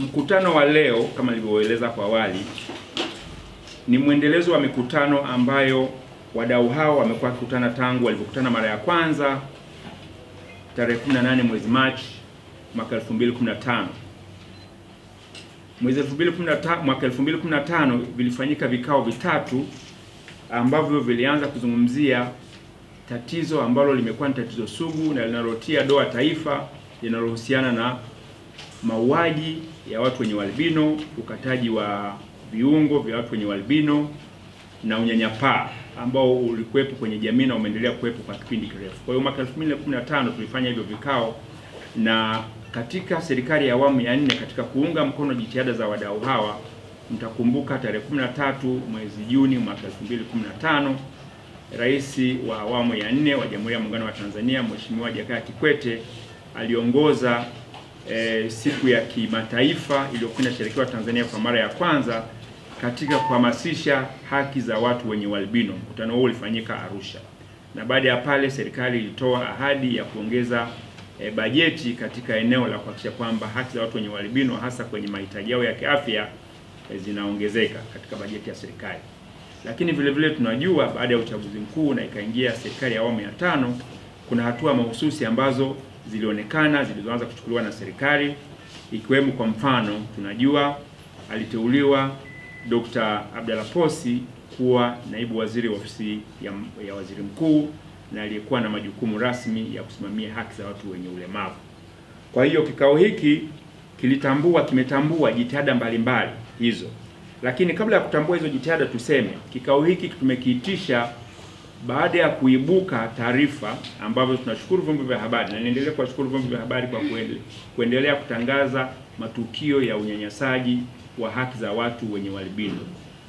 Mkutano wa leo kama nilivyoeleza kwa awali ni mwendelezo wa mikutano ambayo wadau hao wamekuwa wakikutana tangu walipokutana mara ya kwanza tarehe 18 mwezi Machi mwaka 2015. Mwezi 2015 mwaka 2015 vilifanyika vikao vitatu ambavyo vilianza kuzungumzia tatizo ambalo limekuwa ni tatizo sugu na linalotia doa taifa linalohusiana na mauaji ya watu wenye walbino ukataji wa viungo vya watu wenye albino na unyanyapaa ambao ulikuwepo kwenye jamii na umeendelea kuwepo kwa kipindi kirefu. Kwa hiyo mwaka 2015 tulifanya hivyo vikao, na katika serikali ya awamu ya nne, katika kuunga mkono jitihada za wadau hawa, mtakumbuka tarehe 13 mwezi Juni mwaka 2015 Rais wa awamu ya nne wa Jamhuri ya Muungano wa Tanzania Mheshimiwa Jakaya Kikwete aliongoza e, siku ya kimataifa iliyokuwa inasherekewa Tanzania kwa mara ya kwanza katika kuhamasisha haki za watu wenye ualbino. Mkutano huo ulifanyika Arusha, na baada ya pale serikali ilitoa ahadi ya kuongeza e, bajeti katika eneo la kuhakikisha kwamba haki za watu wenye ualbino hasa kwenye mahitaji yao ya kiafya e, zinaongezeka katika bajeti ya serikali. Lakini vile vile tunajua baada ya uchaguzi mkuu na ikaingia serikali ya awamu ya tano, kuna hatua mahususi ambazo zilionekana zilizoanza kuchukuliwa na serikali, ikiwemo kwa mfano, tunajua aliteuliwa Dr. Abdalla Posi kuwa naibu waziri wa ofisi ya, ya waziri mkuu na aliyekuwa na majukumu rasmi ya kusimamia haki za watu wenye ulemavu. Kwa hiyo kikao hiki kilitambua, kimetambua jitihada mbalimbali hizo, lakini kabla ya kutambua hizo jitihada, tuseme kikao hiki tumekiitisha baada ya kuibuka taarifa ambavyo tunashukuru vyombo vya habari na niendelee kuwashukuru vyombo vya habari kwa kuendelea, kuendelea kutangaza matukio ya unyanyasaji wa haki za watu wenye ualbino.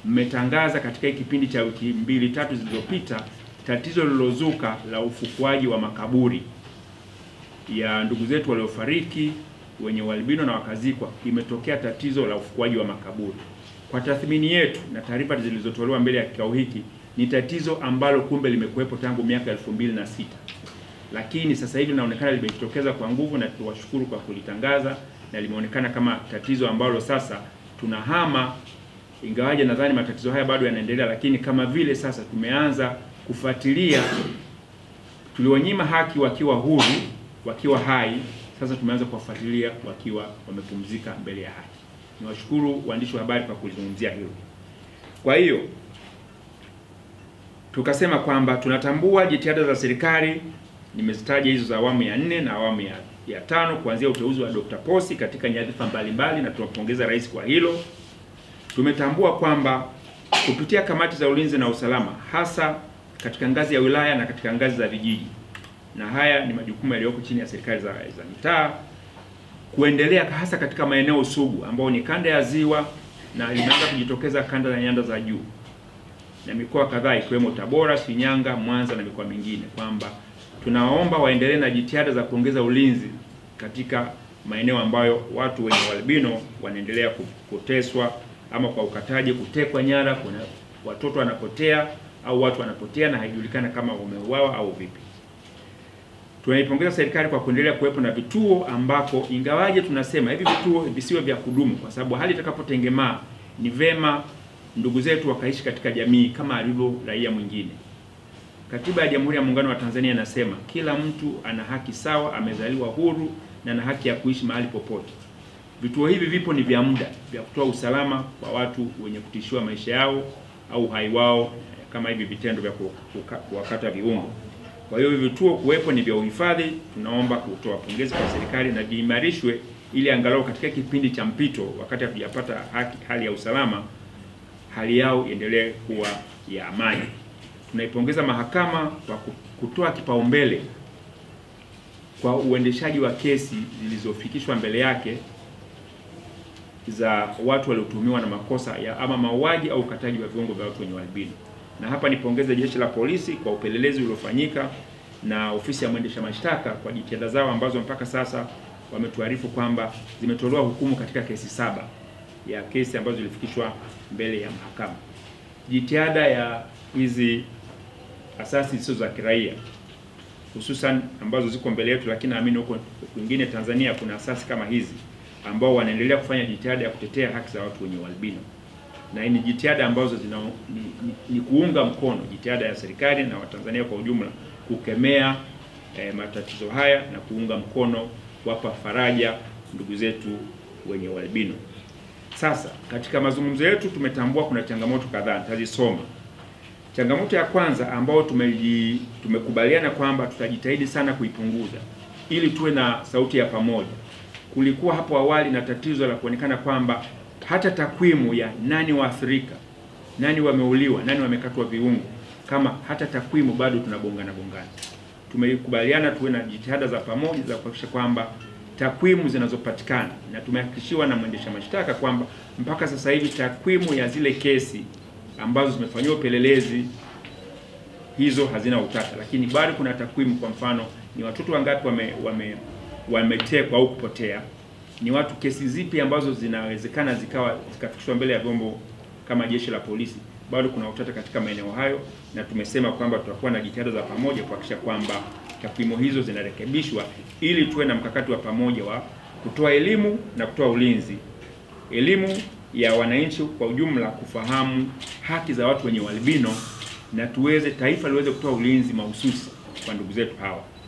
Mmetangaza katika kipindi cha wiki mbili tatu zilizopita tatizo lililozuka la ufukuaji wa makaburi ya ndugu zetu waliofariki wenye ualbino na wakazikwa, imetokea tatizo la ufukuaji wa makaburi. Kwa tathmini yetu na taarifa zilizotolewa mbele ya kikao hiki ni tatizo ambalo kumbe limekuwepo tangu miaka elfu mbili na sita lakini sasa hivi linaonekana limejitokeza kwa nguvu, na tuwashukuru kwa kulitangaza, na limeonekana kama tatizo ambalo sasa tunahama, ingawaje nadhani matatizo haya bado yanaendelea, lakini kama vile sasa tumeanza kufuatilia. Tuliwanyima haki wakiwa huru, wakiwa hai, sasa tumeanza kuwafuatilia wakiwa wamepumzika mbele ya haki. Niwashukuru waandishi wa habari kwa kulizungumzia hilo. Kwa hiyo tukasema kwamba tunatambua jitihada za serikali, nimezitaja hizo za awamu ya nne na awamu ya, ya tano kuanzia uteuzi wa Dr. Posi katika nyadhifa mbalimbali, na tunampongeza rais kwa hilo. Tumetambua kwamba kupitia kamati za ulinzi na usalama hasa katika ngazi ya wilaya na katika ngazi za vijiji, na haya ni majukumu yaliyoko chini ya serikali za, za mitaa kuendelea hasa katika maeneo sugu ambayo ni kanda ya ziwa na limeanza kujitokeza kanda za nyanda za juu na mikoa kadhaa ikiwemo Tabora, Shinyanga, Mwanza na mikoa mingine kwamba tunawaomba waendelee na jitihada za kuongeza ulinzi katika maeneo ambayo watu wenye ualbino wanaendelea kuteswa ama kwa ukataji, kutekwa nyara, kuna watoto wanapotea au watu wanapotea na haijulikana kama wameuawa au vipi. Tunaipongeza serikali kwa kuendelea kuwepo na vituo ambako, ingawaje tunasema hivi vituo visiwe vya kudumu, kwa sababu hali itakapotengemaa ni vema ndugu zetu wakaishi katika jamii kama alivyo raia mwingine. Katiba ya Jamhuri ya Muungano wa Tanzania inasema kila mtu ana haki sawa, amezaliwa huru na ana haki ya kuishi mahali popote. Vituo hivi vipo ni vya muda vya kutoa usalama kwa watu wenye kutishiwa maisha yao au uhai wao, kama hivi vitendo vya kuwakata viungo. Kwa hiyo vituo kuwepo ni vya uhifadhi. Tunaomba kutoa pongezi kwa serikali na viimarishwe, ili angalau katika kipindi cha mpito, wakati hatujapata hali ya usalama hali yao iendelee kuwa ya amani. Tunaipongeza mahakama kwa kutoa kipaumbele kwa uendeshaji wa kesi zilizofikishwa mbele yake za watu waliotumiwa na makosa ya ama mauaji au ukataji wa viungo vya watu wenye albino. Na hapa nipongeze jeshi la polisi kwa upelelezi uliofanyika na ofisi ya mwendesha mashtaka kwa jitihada zao ambazo mpaka sasa wametuarifu kwamba zimetolewa hukumu katika kesi saba ya kesi ambazo zilifikishwa mbele ya mahakama. Jitihada ya hizi asasi zisizo za kiraia hususan ambazo ziko mbele yetu, lakini naamini huko kwingine Tanzania kuna asasi kama hizi ambao wanaendelea kufanya jitihada ya kutetea haki za watu wenye ualbino, na ni jitihada ambazo zina ni, ni, ni kuunga mkono jitihada ya serikali na Watanzania kwa ujumla kukemea eh, matatizo haya na kuunga mkono, kuwapa faraja ndugu zetu wenye ualbino. Sasa katika mazungumzo yetu tumetambua kuna changamoto kadhaa, nitazisoma. Changamoto ya kwanza ambayo tumekubaliana kwamba tutajitahidi sana kuipunguza ili tuwe na sauti ya pamoja. Kulikuwa hapo awali na tatizo la kuonekana kwamba hata takwimu ya nani waathirika, nani wameuliwa, nani wamekatwa viungo, kama hata takwimu bado tunagongana gongana. Tumekubaliana tuwe na jitihada za pamoja za kuhakikisha kwamba takwimu zinazopatikana na tumehakikishiwa na mwendesha mashtaka kwamba mpaka sasa hivi takwimu ya zile kesi ambazo zimefanyiwa upelelezi hizo hazina utata, lakini bado kuna takwimu. Kwa mfano, ni watoto wangapi wame, wame, wametekwa au kupotea? Ni watu kesi zipi ambazo zinawezekana zikawa zikafikishwa mbele ya vyombo kama jeshi la polisi? Bado kuna utata katika maeneo hayo, na tumesema kwamba tutakuwa na jitihada za pamoja kuhakikisha kwamba takwimu hizo zinarekebishwa ili tuwe na mkakati wa pamoja wa kutoa elimu na kutoa ulinzi, elimu ya wananchi kwa ujumla kufahamu haki za watu wenye ualbino na tuweze taifa liweze kutoa ulinzi mahususi kwa ndugu zetu hawa.